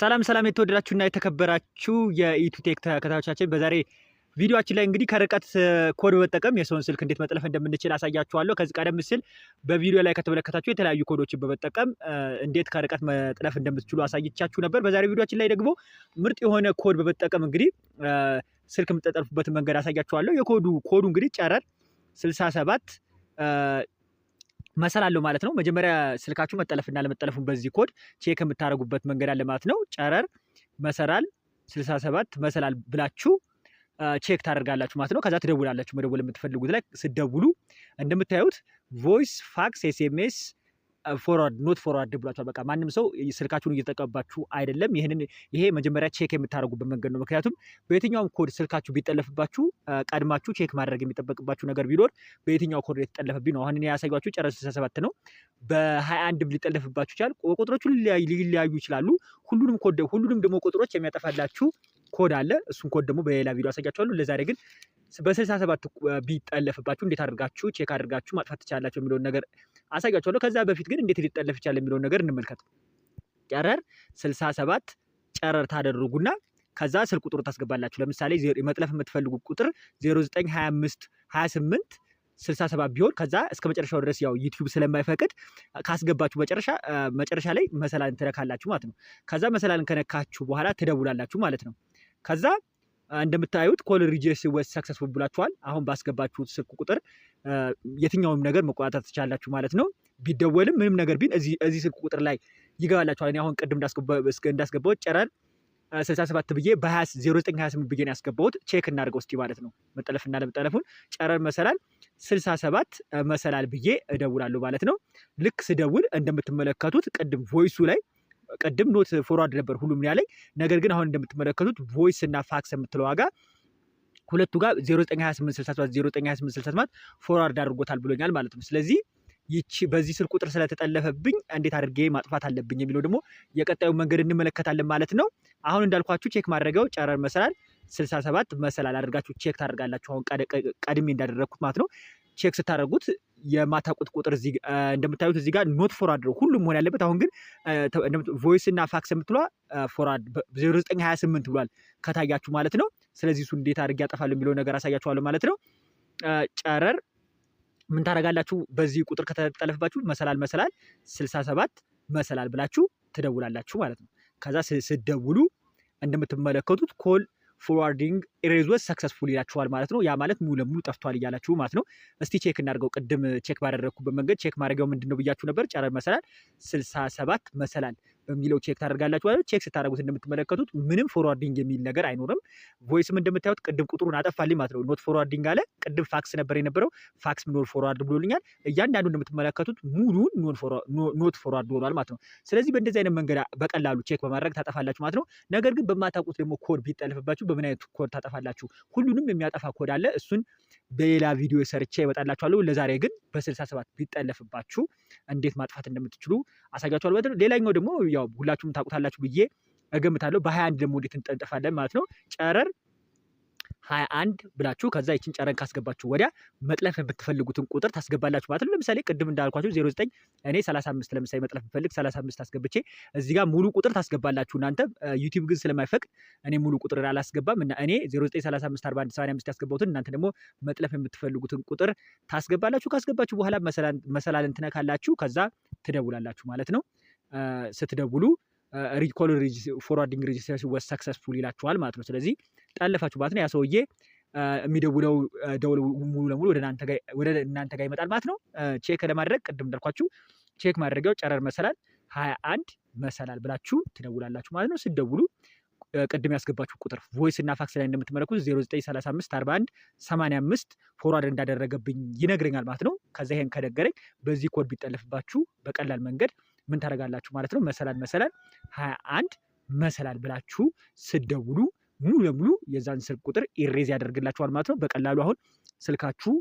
ሰላም ሰላም የተወደዳችሁና የተከበራችሁ የኢቱቴክ ተከታዮቻችን በዛሬ ቪዲዮችን ላይ እንግዲህ ከርቀት ኮድ በመጠቀም የሰውን ስልክ እንዴት መጥለፍ እንደምንችል አሳያችኋለሁ። ከዚህ ቀደም ሲል በቪዲዮ ላይ ከተመለከታችሁ የተለያዩ ኮዶችን በመጠቀም እንዴት ከርቀት መጥለፍ እንደምትችሉ አሳይቻችሁ ነበር። በዛሬ ቪዲዮችን ላይ ደግሞ ምርጥ የሆነ ኮድ በመጠቀም እንግዲህ ስልክ የምትጠልፉበትን መንገድ አሳያችኋለሁ። የኮዱ ኮዱ እንግዲህ ጨረር 67 መሰል አለው ማለት ነው። መጀመሪያ ስልካችሁ መጠለፍና ለመጠለፉን በዚህ ኮድ ቼክ የምታደርጉበት መንገድ አለ ማለት ነው። ጨረር መሰላል 67 መሰላል ብላችሁ ቼክ ታደርጋላችሁ ማለት ነው። ከዛ ትደውላላችሁ። መደወል የምትፈልጉት ላይ ስደውሉ እንደምታዩት ቮይስ፣ ፋክስ፣ ኤስኤምኤስ ፎርዋርድ ኖት ፎርዋርድ ብሏቸዋል። በቃ ማንም ሰው ስልካችሁን እየተጠቀምባችሁ አይደለም። ይህንን ይሄ መጀመሪያ ቼክ የምታደርጉበት መንገድ ነው። ምክንያቱም በየትኛውም ኮድ ስልካችሁ ቢጠለፍባችሁ ቀድማችሁ ቼክ ማድረግ የሚጠበቅባችሁ ነገር ቢኖር በየትኛው ኮድ የተጠለፈብኝ ነው። አሁን ያሳያችሁ ጨረስ ስልሳ ሰባት ነው። በሀያ አንድም ሊጠለፍባችሁ ይችላል። ቁጥሮቹ ሊለያዩ ይችላሉ። ሁሉንም ኮድ ሁሉንም ደግሞ ቁጥሮች የሚያጠፋላችሁ ኮድ አለ። እሱን ኮድ ደግሞ በሌላ ቪዲዮ አሳያችኋለሁ። ለዛሬ ግን በስልሳ ሰባት ቢጠለፍባችሁ እንዴት አድርጋችሁ ቼክ አድርጋችሁ ማጥፋት ትችላላችሁ የሚለውን ነገር አሳያችኋለሁ። ከዛ በፊት ግን እንዴት ሊጠለፍ ይቻል የሚለውን ነገር እንመልከት። ጨረር ስልሳ ሰባት ጨረር ታደርጉና ከዛ ስልክ ቁጥሩ ታስገባላችሁ። ለምሳሌ መጥለፍ የምትፈልጉ ቁጥር 0925 28 67 ቢሆን ከዛ እስከ መጨረሻው ድረስ ያው ዩቲዩብ ስለማይፈቅድ ካስገባችሁ መጨረሻ መጨረሻ ላይ መሰላልን ትነካላችሁ ማለት ነው። ከዛ መሰላልን ከነካችሁ በኋላ ትደውላላችሁ ማለት ነው። ከዛ እንደምታዩት ኮል ሪጀስ ወስ ሰክሰስፉል ብላችኋል። አሁን ባስገባችሁት ስልክ ቁጥር የትኛውም ነገር መቆጣጠር ትችላላችሁ ማለት ነው። ቢደወልም ምንም ነገር ቢን እዚህ ስልክ ቁጥር ላይ ይገባላችኋል። እኔ አሁን ቅድም እንዳስገባሁት ጨረር 67 ብዬ በ0928 ብዬ ነው ያስገባሁት። ቼክ እናድርገው እስቲ ማለት ነው መጠለፍና ለመጠለፉን ጨረር መሰላል 67 መሰላል ብዬ እደውላለሁ ማለት ነው። ልክ ስደውል እንደምትመለከቱት ቅድም ቮይሱ ላይ ቅድም ኖት ፎርዋርድ ነበር ሁሉም ያለኝ። ነገር ግን አሁን እንደምትመለከቱት ቮይስ እና ፋክስ የምትለው ዋጋ ሁለቱ ጋር 0928 0928 ፎርዋርድ አድርጎታል ብሎኛል ማለት ነው። ስለዚህ ይቺ በዚህ ስልክ ቁጥር ስለተጠለፈብኝ እንዴት አድርጌ ማጥፋት አለብኝ የሚለው ደግሞ የቀጣዩ መንገድ እንመለከታለን ማለት ነው። አሁን እንዳልኳችሁ ቼክ ማድረገው ጨረር መሰላል 67 መሰላል አድርጋችሁ ቼክ ታደርጋላችሁ። አሁን ቀድሜ እንዳደረግኩት ማለት ነው። ቼክ ስታደርጉት የማታውቁት ቁጥር እንደምታዩት እዚህ ጋር ኖት ፎርዋርድ ነው ሁሉም መሆን ያለበት። አሁን ግን ቮይስ እና ፋክስ የምትሏ ፎርዋርድ 0928 ብሏል ከታያችሁ ማለት ነው። ስለዚህ እሱ እንዴት አድርጌ ያጠፋለሁ የሚለው ነገር አሳያችኋለሁ ማለት ነው። ጨረር ምን ታደርጋላችሁ? በዚህ ቁጥር ከተጠለፍባችሁ መሰላል መሰላል 67 መሰላል ብላችሁ ትደውላላችሁ ማለት ነው። ከዛ ስደውሉ እንደምትመለከቱት ኮል ፎርዋርዲንግ ኤሬዝ ሰክሰስፉል ይላችኋል ማለት ነው። ያ ማለት ሙሉ ለሙሉ ጠፍቷል እያላችሁ ማለት ነው። እስቲ ቼክ እናድርገው። ቅድም ቼክ ባደረግኩበት መንገድ ቼክ ማድረጊያው ምንድን ነው ብያችሁ ነበር። ጨረር መሰላል 67 መሰላል የሚለው ቼክ ታደርጋላችሁ ማለት ቼክ ስታደርጉት እንደምትመለከቱት ምንም ፎርዋርዲንግ የሚል ነገር አይኖርም። ቮይስም እንደምታዩት ቅድም ቁጥሩን አጠፋልኝ ማለት ነው። ኖት ፎርዋርዲንግ አለ። ቅድም ፋክስ ነበር የነበረው ፋክስ ኖት ፎርዋርድ ብሎልኛል። እያንዳንዱ እንደምትመለከቱት ሙሉን ኖት ፎርዋርድ ሆኗል ማለት ነው። ስለዚህ በእንደዚህ አይነት መንገድ በቀላሉ ቼክ በማድረግ ታጠፋላችሁ ማለት ነው። ነገር ግን በማታውቁት ደግሞ ኮድ ቢጠልፍባችሁ በምን አይነት ኮድ ታጠፋላችሁ? ሁሉንም የሚያጠፋ ኮድ አለ። እሱን በሌላ ቪዲዮ ሰርቼ እመጣላችኋለሁ። ለዛሬ ግን በ67 ቢጠለፍባችሁ እንዴት ማጥፋት እንደምትችሉ አሳያችኋለሁ ማለት ነው። ሌላኛው ደግሞ ያው ሁላችሁም ታውቁታላችሁ ብዬ እገምታለሁ። በ21 ደግሞ እንዴት እንጠልጠፋለን ማለት ነው። ጨረር ሀያ አንድ ብላችሁ ከዛ ይችን ጨረን ካስገባችሁ ወዲያ መጥለፍ የምትፈልጉትን ቁጥር ታስገባላችሁ ማለት ነው። ለምሳሌ ቅድም እንዳልኳችሁ ዜሮ ዘጠኝ እኔ ሰላሳ አምስት ለምሳሌ መጥለፍ ብፈልግ ሰላሳ አምስት አስገብቼ እዚህ ጋር ሙሉ ቁጥር ታስገባላችሁ እናንተ። ዩቲዩብ ግን ስለማይፈቅድ እኔ ሙሉ ቁጥር አላስገባም እና እኔ ዜሮ ዘጠኝ ሰላሳ አምስት አርባ አንድ ሰማንያ አምስት ያስገባሁትን እናንተ ደግሞ መጥለፍ የምትፈልጉትን ቁጥር ታስገባላችሁ። ካስገባችሁ በኋላ መሰላል እንትነካላችሁ፣ ከዛ ትደውላላችሁ ማለት ነው ስትደውሉ ሪኮል ፎርዋርዲንግ ሬጅስትሬሽን ወስ ሰክሰስፉል ይላችኋል ማለት ነው። ስለዚህ ጠለፋችሁባት ነው ያ ሰውዬ የሚደውለው ደውል ሙሉ ለሙሉ ወደ እናንተ ጋር ይመጣል ማለት ነው። ቼክ ለማድረግ ቅድም እንዳልኳችሁ ቼክ ማድረጊያው ጨረር መሰላል ሀያ አንድ መሰላል ብላችሁ ትደውላላችሁ ማለት ነው። ስደውሉ ቅድም ያስገባችሁ ቁጥር ቮይስ እና ፋክስ ላይ እንደምትመለኩት 0935 41 85 ፎርዋርድ እንዳደረገብኝ ይነግረኛል ማለት ነው። ከዛ ይሄን ከነገረኝ በዚህ ኮድ ቢጠለፍባችሁ በቀላል መንገድ ምን ታደርጋላችሁ ማለት ነው መሰላል መሰላል 21 መሰላል ብላችሁ ስደውሉ ሙሉ ለሙሉ የዛን ስልክ ቁጥር ኢሬዝ ያደርግላችኋል ማለት ነው። በቀላሉ አሁን ስልካችሁ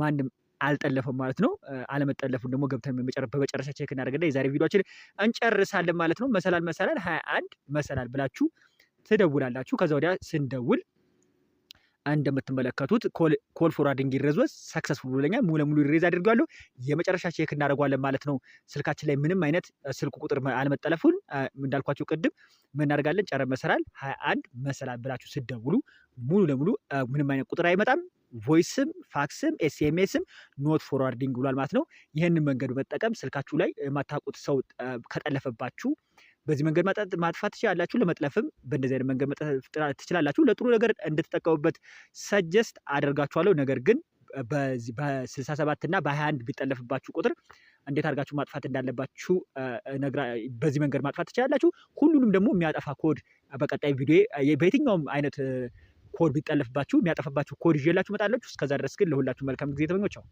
ማንም አልጠለፈም ማለት ነው። አለመጠለፉን ደግሞ ገብተን በመጨረሻ ቼክ እናደርግና የዛሬ ቪዲዮችን እንጨርሳለን ማለት ነው። መሰላል መሰላል 21 መሰላል ብላችሁ ትደውላላችሁ። ከዛ ወዲያ ስንደውል እንደምትመለከቱት ኮል ፎርዋርዲንግ ይረዞስ ሰክሰስፉል ብለኛል። ሙሉ ለሙሉ ይሬዝ አድርጓለሁ። የመጨረሻ ቼክ እናደርጓለን ማለት ነው። ስልካችን ላይ ምንም አይነት ስልክ ቁጥር አለመጠለፉን እንዳልኳቸው ቅድም ምን እናደርጋለን? ጨረር መሰላል አንድ መሰላል ብላችሁ ስደውሉ ሙሉ ለሙሉ ምንም አይነት ቁጥር አይመጣም። ቮይስም ፋክስም ኤስኤምኤስም ኖት ፎርዋርዲንግ ብሏል ማለት ነው። ይህንን መንገዱ መጠቀም ስልካችሁ ላይ የማታውቁት ሰው ከጠለፈባችሁ በዚህ መንገድ ማጥፋት ትችላላችሁ። ለመጥለፍም በእንደዚህ አይነት መንገድ መጥፋት ትችላላችሁ። ለጥሩ ነገር እንድትጠቀሙበት ሰጀስት አደርጋችኋለሁ። ነገር ግን በ67 እና በ21 ቢጠለፍባችሁ ቁጥር እንዴት አድርጋችሁ ማጥፋት እንዳለባችሁ በዚህ መንገድ ማጥፋት ትችላላችሁ። ሁሉንም ደግሞ የሚያጠፋ ኮድ በቀጣይ ቪዲዮ በየትኛውም አይነት ኮድ ቢጠለፍባችሁ የሚያጠፋባችሁ ኮድ ይዤላችሁ እመጣለሁ። እስከዛ ድረስ ግን ለሁላችሁ መልካም ጊዜ ተመኞች ነው።